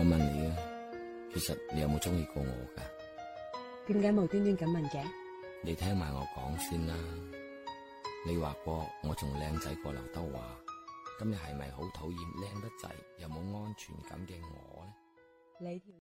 我問你啊，其實你有冇中意過我噶？點解無端端咁問嘅？你聽埋我講先啦。你話過我仲靚仔過劉德華，咁你係咪好討厭靚得滯，又冇安全感嘅我咧？你